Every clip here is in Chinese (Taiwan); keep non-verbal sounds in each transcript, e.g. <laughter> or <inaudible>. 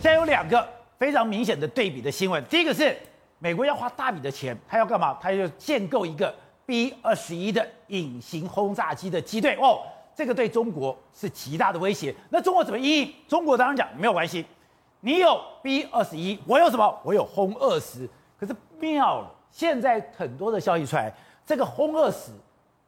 現在有兩個非常明顯的對比的新聞。第一個是美國要花大筆的錢，他要幹嘛？他要建構一個 B 二十一的隱形轟炸機的機隊哦，這個對中國是極大的威脅。那中國怎麼因應？中國當然講沒有關係，你有 B 二十一，我有什麼？我有轟二十。可是妙了，現在很多的消息出來，這個轟二十。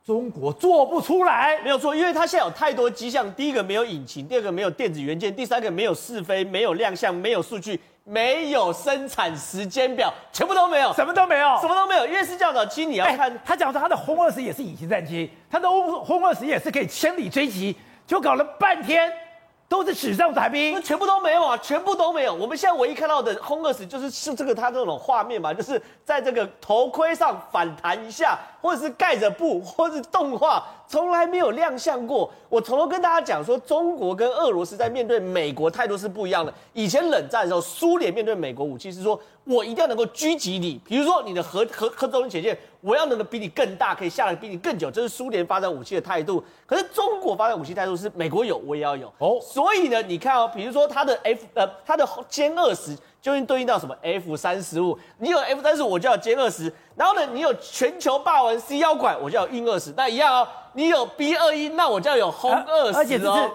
中國做不出來，沒有錯，因為它現在有太多跡象。第一個沒有引擎，第二個沒有電子元件，第三個沒有試飛，沒有亮相，沒有數據，沒有生產時間表，全部都沒有，什麼都沒有，什麼都沒有。因為是教導機，你要看、哎，他講說他的轟二十也是隱形戰機，他的轟二十也是可以千里追擊，就搞了半天都是紙上談兵，全部都沒有啊，全部都沒有。我們現在唯一看到的轟二十就是是這個他這種畫面嘛，就是在這個頭盔上反彈一下。或者是蓋着布，或者是動畫，從來沒有亮相過。我從頭跟大家講說，中國跟俄羅斯在面對美國態度是不一樣的。以前冷戰的時候，蘇聯面對美國武器是說，我一定要能夠狙擊你，比如說你的核核核動力潛艦，我要能夠比你更大，可以下來比你更久，這，就是蘇聯發展武器的態度。可是中國發展武器態度是，美國有我也要有。哦，oh. 所以呢，你看哦，比如說它的 F 呃，它的殲二十。究竟對應到什麼？F 三十五，你有 F 三十五，我就要殲二十。然後呢，你有全球霸王 C 幺拐，我就要運二十。那一樣哦，你有 B 二一，那我就要有轟二十。而且只是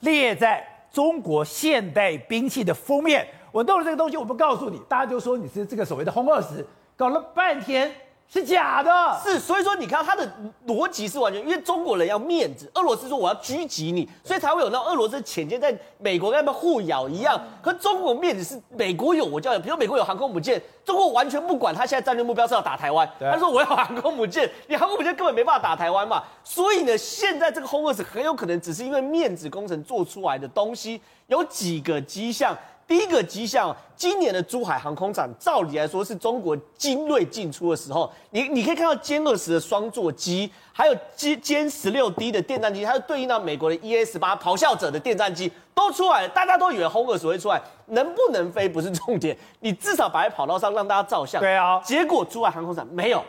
列在中國現代兵器的封面。我弄了這個東西，我不告訴你，大家就說你是這個所謂的轟二十。搞了半天。是假的，是，所以說你看他的邏輯是完全，因為中國人要面子，俄羅斯說我要狙擊你，所以才會有那種俄羅斯的潛艦在美國跟那邊互咬一樣，可中國面子是美國有我就有，比如美國有航空母艦，中國完全不管，他現在戰略目標是要打台灣，他對說我要航空母艦，你航空母艦根本沒辦法打台灣嘛，所以呢，現在這個轟20很有可能只是因為面子工程做出來的東西，有幾個跡象。第一個跡象，今年的珠海航空展，照理來說是中國精銳進出的時候，你你可以看到殲二十的雙座機，還有殲殲十六 D 的電戰機，還有對應到美國的 EA 十八咆哮者的電戰機都出來了，大家都以為轟二十會出來，能不能飛不是重點，你至少擺在跑道上讓大家照相。對啊，結果珠海航空展沒有，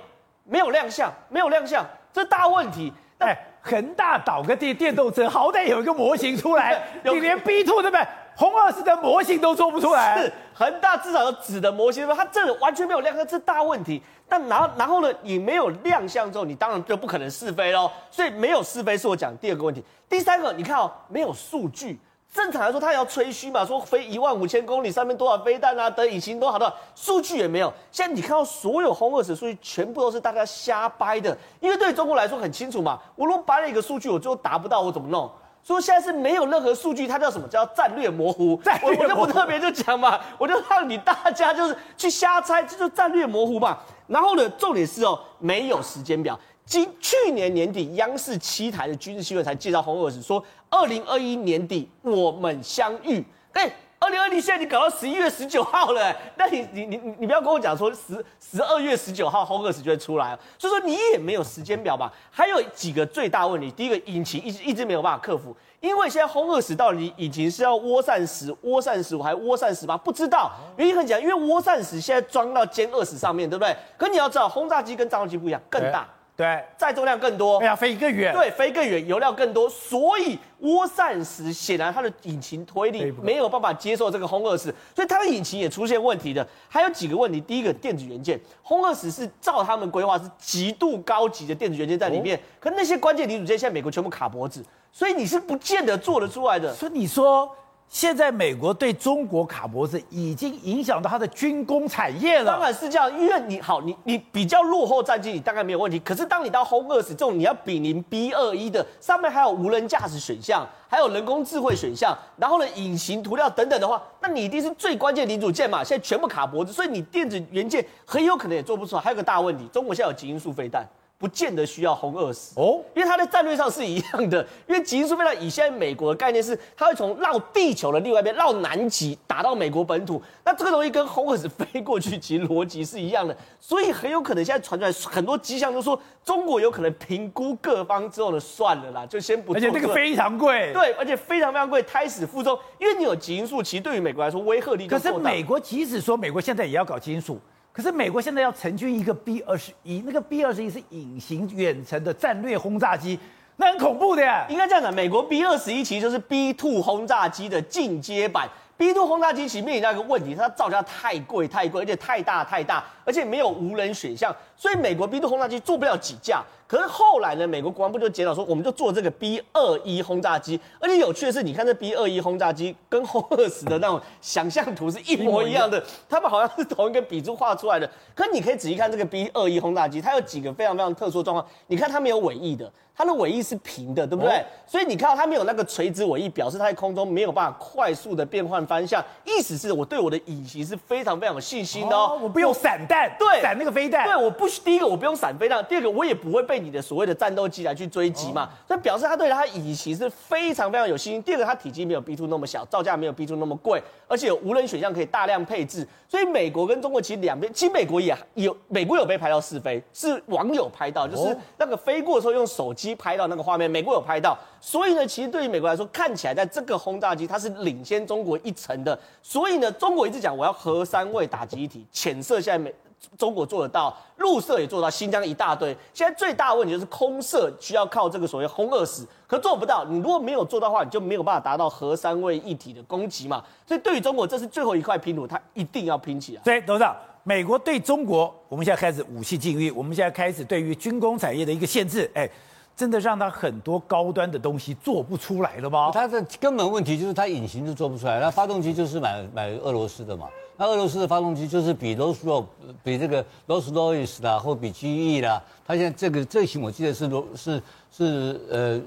沒有亮相，沒有亮相，這大問題。哎、欸，但恆大倒個電電動車，好歹有一個模型出來，是是你連 B two 對不對？紅二十的模型都做不出來，是，恆大至少有紙的模型，它這個完全沒有亮相，這是大問題。但然然後呢，你沒有亮相之後，你當然就不可能試飛嘍。所以沒有試飛是我講第二個問題。第三個，你看哦，沒有數據。正常來說，他要吹噓嘛，說飛一萬五千公里，上面多少飛彈啊，等引擎多好多，數據也沒有。現在你看到所有轟二十的數據，全部都是大家瞎掰的。因為對中國來說很清楚嘛，我如果掰了一個數據，我就達不到，我怎麼弄？說現在是沒有任何數據，它叫什麼？叫戰略模糊。我我就不特別就講嘛， <laughs> 我就讓你大家就是去瞎猜，這就是戰略模糊嘛。然後呢，重點是哦，沒有時間表。今去年年底，央視七台的軍事新聞才介紹轟20，說二零二一年底我們相遇。誒、欸。二零二零，現在你搞到十一月十九號了、欸，那你你你你你不要跟我講說十十二月十九號轟二十就會出來，所以說你也沒有時間表吧？還有幾個最大問題，第一個引擎一直一直沒有辦法克服，因為現在轟二十到底引擎是要渦扇十、渦扇十五還是渦扇十八，不知道，原因很簡單，因為渦扇十現在裝到殲二十上面對不對？可你要知道，轟炸機跟戰鬥機不一樣，更大。欸對，載重量更多，要、哎、呀，飛一個遠，對，飛更遠，油量更多，所以渦扇十顯然它的引擎推力沒有辦法接受這個轟20，所以它的引擎也出現問題的。還有幾個問題，第一個電子元件，轟20是照他們規劃是極度高級的電子元件在裡面，哦、可那些關鍵零組件現在美國全部卡脖子，所以你是不見得做得出來的。嗯、所以你說。現在美國對中國卡脖子，已經影響到它的軍工產業了。當然是這樣，因為你好，你你比較落後戰機，你大概沒有問題。可是當你到轟二零這種你要比鄰 B 二一的，上面還有無人駕駛選項，還有人工智慧選項，然後呢，隱形塗料等等的話，那你一定是最關鍵的零組件嘛。現在全部卡脖子，所以你電子元件很有可能也做不出來。還有個大問題，中國現在有極音速飛彈。不見得需要轟二十哦，因為它的戰略上是一樣的，因為基因素非常，以現在美國的概念是，它會從繞地球的另外一邊繞南極打到美國本土，那這個東西跟轟二十飛過去其實邏輯是一樣的，所以很有可能現在傳出來很多跡象都說中國有可能評估各方之後呢算了啦，就先不、這個，而且那個非常貴，對，而且非常非常貴，胎死腹中，因為你有基因素，其實對於美國來說威嚇力。可是美國即使說美國現在也要搞基因素。可是美國現在要成軍一個 B 二十一，那個 B 二十一是隱形遠程的戰略轟炸機，那很恐怖的呀。應該這樣講，啊，美國 B 二十一其實就是 B two 轟炸機的進階版。B two 轟炸機其實面臨到一個問題，它造價太貴，太貴，而且太大，太大。而且沒有無人選項，所以美國 B2 轟炸機做不了幾架。可是後來呢，美國國防部就檢討說，我們就做這個 B21 轟炸機。而且有趣的是，你看這 B21 轟炸機跟轟20的那種想象圖是一模一樣的，他們好像是同一個筆觸畫出來的。可是你可以仔細看這個 B21 轟炸機，它有幾個非常非常特殊狀況。你看它沒有尾翼的，它的尾翼是平的，對不對？哦、所以你看到它沒有那個垂直尾翼，表示它在空中沒有辦法快速的變換方向。意思是我對我的隱形是非常非常有信心的哦，哦，我不用閃傘。彈，對閃那個飛彈，對，我不需。第一個我不用閃飛彈，第二個我也不會被你的所謂的戰鬥機來去追擊嘛。所以表示他對他引擎是非常非常有信心。第二個它體積沒有 B two 那麼小，造價沒有 B two 那麼貴，而且有無人選項可以大量配置。所以美國跟中國其實兩邊，其實美國也有，美國有被拍到試飛，是網友拍到，哦、就是那個飛過的時候用手機拍到那個畫面，美國有拍到。所以呢，其實對於美國來說，看起來在這個轟炸機它是領先中國一層的。所以呢，中國一直講，我要核三位打擊一體，潛射，現在美中國做得到，陸射也做得到，新疆一大堆。現在最大的問題就是空射需要靠這個所謂轟二十可做不到。你如果沒有做到的話，你就沒有辦法達到核三位一體的攻擊嘛。所以對於中國，這是最後一塊拼圖，它一定要拼起來。所以董事長，美國對中國，我們現在開始武器禁運，我們現在開始對於軍工產業的一個限制，哎，真的讓他很多高端的東西做不出來了嗎？他的根本問題就是他隱形就做不出來，那發動機就是買買俄羅斯的嘛。那俄羅斯的發動機就是比羅爾斯羅比這個羅爾斯羅伊斯啦，或比 GE 啦。他現在這個這型、個、我記得是羅是是呃，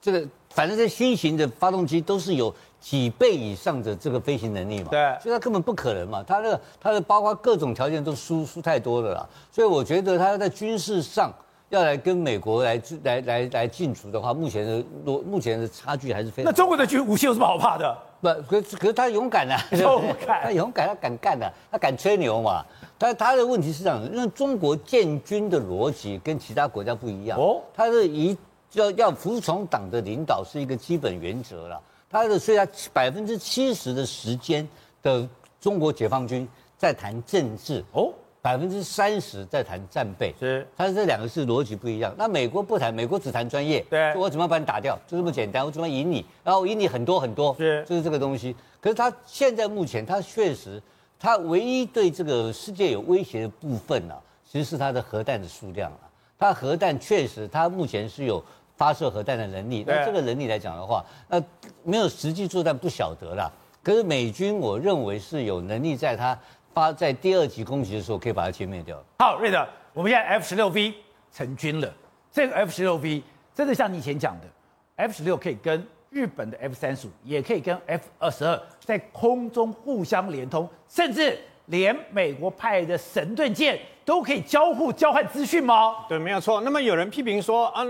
這個反正這新型的發動機都是有幾倍以上的這個飛行能力嘛。對，所以它根本不可能嘛。它的它的包括各種條件都輸輸太多了啦。所以我覺得他在軍事上。要來跟美國來來來來進出的話，目前的目前的差距還是非常大。那中國的軍武器，有什麼好怕的？不，可是可是他勇敢啊！勇敢啊 <laughs> 他勇敢，他敢幹的、啊，他敢吹牛嘛。他他的問題是這樣子，因為中國建軍的邏輯跟其他國家不一樣。哦，他是一要要服從黨的領導是一個基本原則了。他的雖然百分之七十的時間的中國解放軍在談政治。哦。百分之三十在談戰備，是，他是這兩個是邏輯不一樣。那美國不談，美國只談專業，對，我怎麼把你打掉，就這麼簡單，我怎麼贏你，然後我贏你很多很多，是，就是這個東西。可是他現在目前，他確實，他唯一對這個世界有威脅的部分呢、啊，其實是他的核彈的數量了、啊。他核彈確實，他目前是有發射核彈的能力。對那這個能力來講的話，那沒有實際作戰不曉得啦。可是美軍，我認為是有能力在他。發在第二級攻擊的時候，可以把它殲滅掉好。好，瑞德，我們現在 F 十六 V 成軍了。這個 F 十六 V 真的像你以前講的，F 十六可以跟日本的 F 三十五，也可以跟 F 二十二在空中互相連通，甚至連美國派的神盾艦都可以交互交換資訊嗎？對，沒有錯。那麼有人批評說，啊，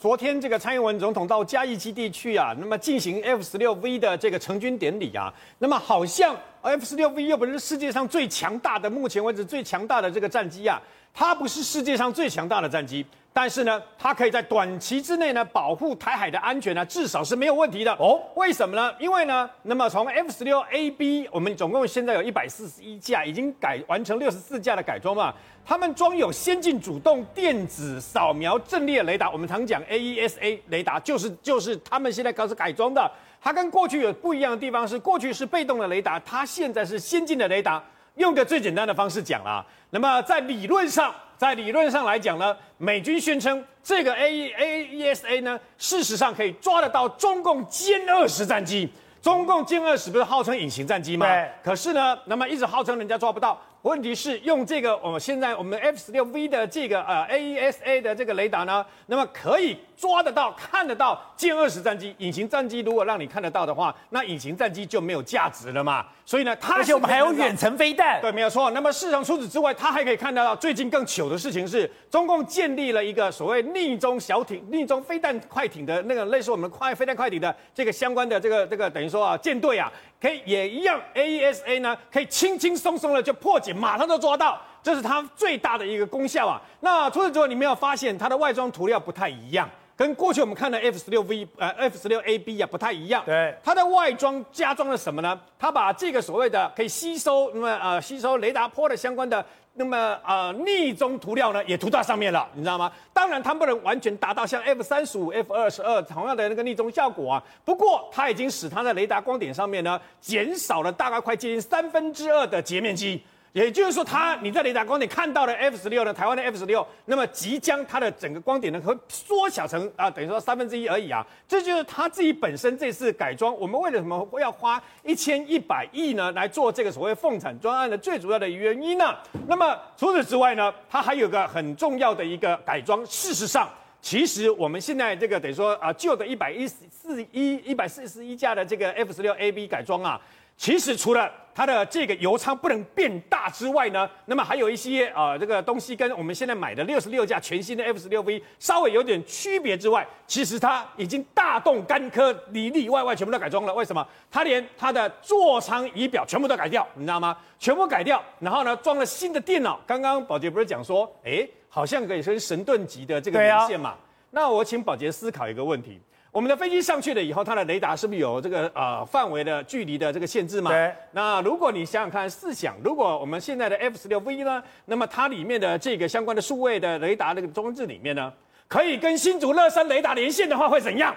昨天這個蔡英文總統到嘉義基地去啊，那麼進行 F 十六 V 的這個成軍典禮啊，那麼好像。F 十六 V 又不是世界上最強大的，目前為止最強大的這個戰機啊，它不是世界上最強大的戰機，但是呢，它可以在短期之內呢，保護台海的安全呢、啊，至少是沒有問題的哦。為什麼呢？因為呢，那麼從 F 十六 AB，我們總共現在有一百四十一架，已經改，完成六十四架的改裝嘛，他們裝有先進主動電子掃描陣列雷達，我們常講 AESA 雷達，就是就是他們現在開始改裝的。它跟過去有不一樣的地方是，過去是被動的雷達，它現在是先進的雷達。用個最簡單的方式講啦，那麼在理論上，在理論上來講呢，美軍宣稱這個 A A E S A 呢，事實上可以抓得到中共殲二十戰機。中共殲二十不是號稱隱形戰機嗎？對。可是呢，那麼一直號稱人家抓不到。問題是用這個，我們現在我們 F 十六 V 的這個呃 AESA 的這個雷達呢，那麼可以抓得到、看得到殲二十戰機、隱形戰機。如果讓你看得到的話，那隱形戰機就沒有價值了嘛。所以呢，它是可以看到的，而且我們還有遠程飛彈。對，沒有錯。那麼，事實上除此之外，它還可以看到，最近更糗的事情是，中共建立了一個所謂逆中小艇、逆中飛彈快艇的那個類似我們快飛彈快艇的這個相關的這個這個等於說啊艦隊啊。可以也一樣，AESA 呢可以輕輕鬆鬆的就破解，馬上就抓到，這，就是它最大的一個功效啊。那除此之外，你沒有發現它的外裝塗料不太一樣。跟過去我們看的 F 十六 V，呃、uh，F 十六 AB 啊不太一樣。對，它的外裝加裝了什麼呢？它把這個所謂的可以吸收，那麼呃吸收雷達波的相關的，那麼呃匿蹤塗料呢，也塗到上面了，你知道嗎？當然，它不能完全達到像 F 三十五、F 二十二同樣的那個匿蹤效果啊。不過，它已經使它在雷達光點上面呢，減少了大概快接近三分之二的截面積。也就是說，它你在雷達光點看到的 F 十六呢，台灣的 F 十六，那麼即將它的整個光點呢，會縮小成啊，等於說三分之一而已啊。這就是它自己本身這次改裝。我們為了什麼會要花一千一百億呢，來做這個所謂“鳳展專案”的最主要的原因呢？那麼除此之外呢，它還有個很重要的一個改裝。事實上，其實我們現在這個等於說啊，舊的一百四十一一百四十一架的這個 F 十六 AB 改裝啊，其實除了它的這個油艙不能變大之外呢，那麼還有一些啊、呃，這個東西跟我們現在買的六十六架全新的 F 十六 V 稍微有點區別之外，其實它已經大動干戈，裡裡外外全部都改裝了。為什麼？它連它的座艙儀表全部都改掉，你知道嗎？全部改掉，然後呢，裝了新的電腦。剛剛寶傑不是講說，哎、欸，好像可以升神盾級的這個連線嘛？啊、那我請寶傑思考一個問題。我們的飛機上去了以後，它的雷達是不是有這個呃範圍的距離的這個限制嘛？對。那如果你想想看，試想，如果我們現在的 F16V 呢，那麼它裡面的這個相關的數位的雷達那個裝置裡面呢，可以跟新竹樂山雷達連線的話，會怎樣？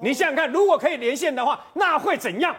你想想看，如果可以連線的話，那會怎樣？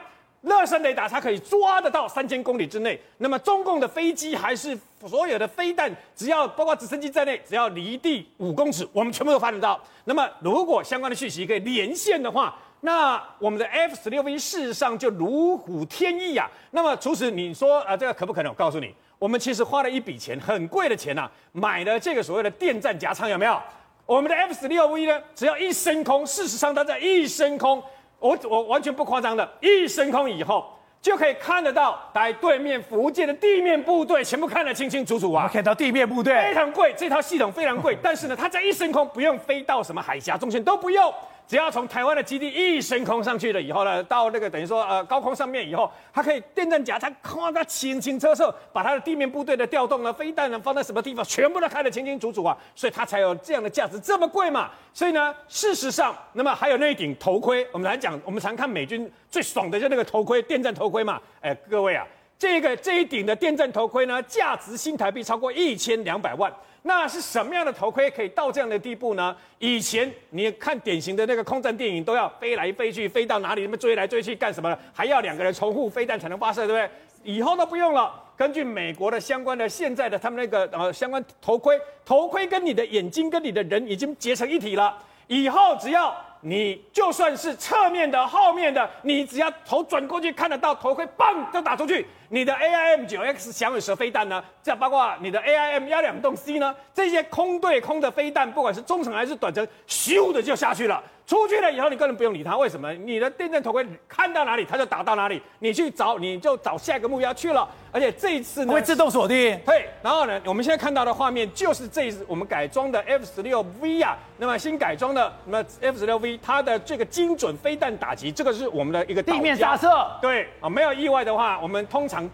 樂山雷達它可以抓得到三千公里之內，那麼中共的飛機還是所有的飛彈，只要包括直升機在內，只要離地五公尺，我們全部都發得到。那麼如果相關的訊息可以連線的話，那我們的 F 十六 V 事實上就如虎添翼啊。那麼除此，你說啊這個可不可能？我告訴你，我們其實花了一筆錢，很貴的錢吶、啊，買了這個所謂的電戰夾艙有沒有？我們的 F 十六 V 呢，只要一升空，事實上它在一升空。我我完全不誇張的，一升空以後就可以看得到在對面福建的地面部隊，全部看得清清楚楚啊！看、okay, 到地面部隊非常貴，這套系統非常貴， <laughs> 但是呢，它在一升空，不用飛到什麼海峽中線，都不用。只要從台灣的基地一升空上去了以後呢，到那個等於說呃高空上面以後，它可以電戰甲，它哐，它清清楚楚把它的地面部隊的調動呢、飛彈呢放在什麼地方，全部都看得清清楚楚啊，所以它才有這樣的價值，這麼貴嘛。所以呢，事實上，那麼還有那一頂頭盔，我們來講，我們常看美軍最爽的就那個頭盔，電戰頭盔嘛。哎、欸，各位啊，這個這一頂的電戰頭盔呢，價值新台幣超過一千兩百萬。那是什麼樣的頭盔可以到這樣的地步呢？以前你看典型的那個空戰電影，都要飛來飛去，飛到哪裡，那麼追來追去幹什麼？還要兩個人重複飛彈才能發射，對不對？以後都不用了。根據美國的相關的現在的他們那個呃相關頭盔，頭盔跟你的眼睛跟你的人已經結成一體了。以後只要你就算是側面的、後面的，你只要頭轉過去看得到，頭盔嘣就打出去。你的 AIM 9X 響尾蛇飛彈呢？這包括你的 AIM 120C 呢？這些空對空的飛彈，不管是中程還是短程，咻的就下去了。出去了以後，你根本不用理它。為什麼？你的電陣頭盔看到哪裡，它就打到哪裡。你去找，你就找下一個目標去了。而且這一次呢，會自動鎖定。對。然後呢，我們現在看到的畫面就是這一次我們改裝的 F16V 啊。那麼新改裝的那 F16V，它的這個精準飛彈打擊，這個是我們的一個地面殺射。對啊、哦，沒有意外的話，我們通常。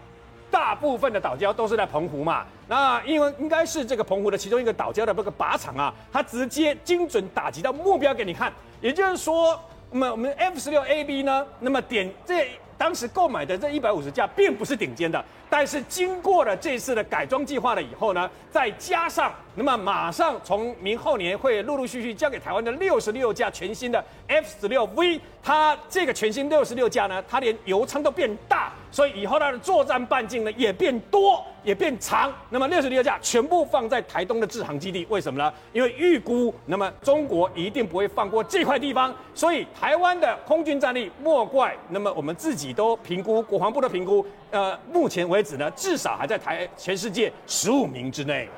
大部分的島礁都是在澎湖嘛，那因為應該是這個澎湖的其中一個島礁的這個靶場啊，它直接精準打擊到目標給你看。也就是說，那麼我們 F 十六 A B 呢，那麼點這當時購買的這一百五十架並不是頂尖的。但是經過了這次的改裝計劃了以後呢，再加上那麼馬上從明後年會陸陸續續交給台灣的六十六架全新的 F 十六 V，它這個全新六十六架呢，它連油艙都變大，所以以後它的作戰半徑呢也變多，也變長。那麼六十六架全部放在台東的志航基地，為什麼呢？因為預估那麼中國一定不會放過這塊地方，所以台灣的空軍戰力莫怪。那麼我們自己都評估，國防部的評估，呃，目前為止，子呢，至少還在台全世界十五名之內。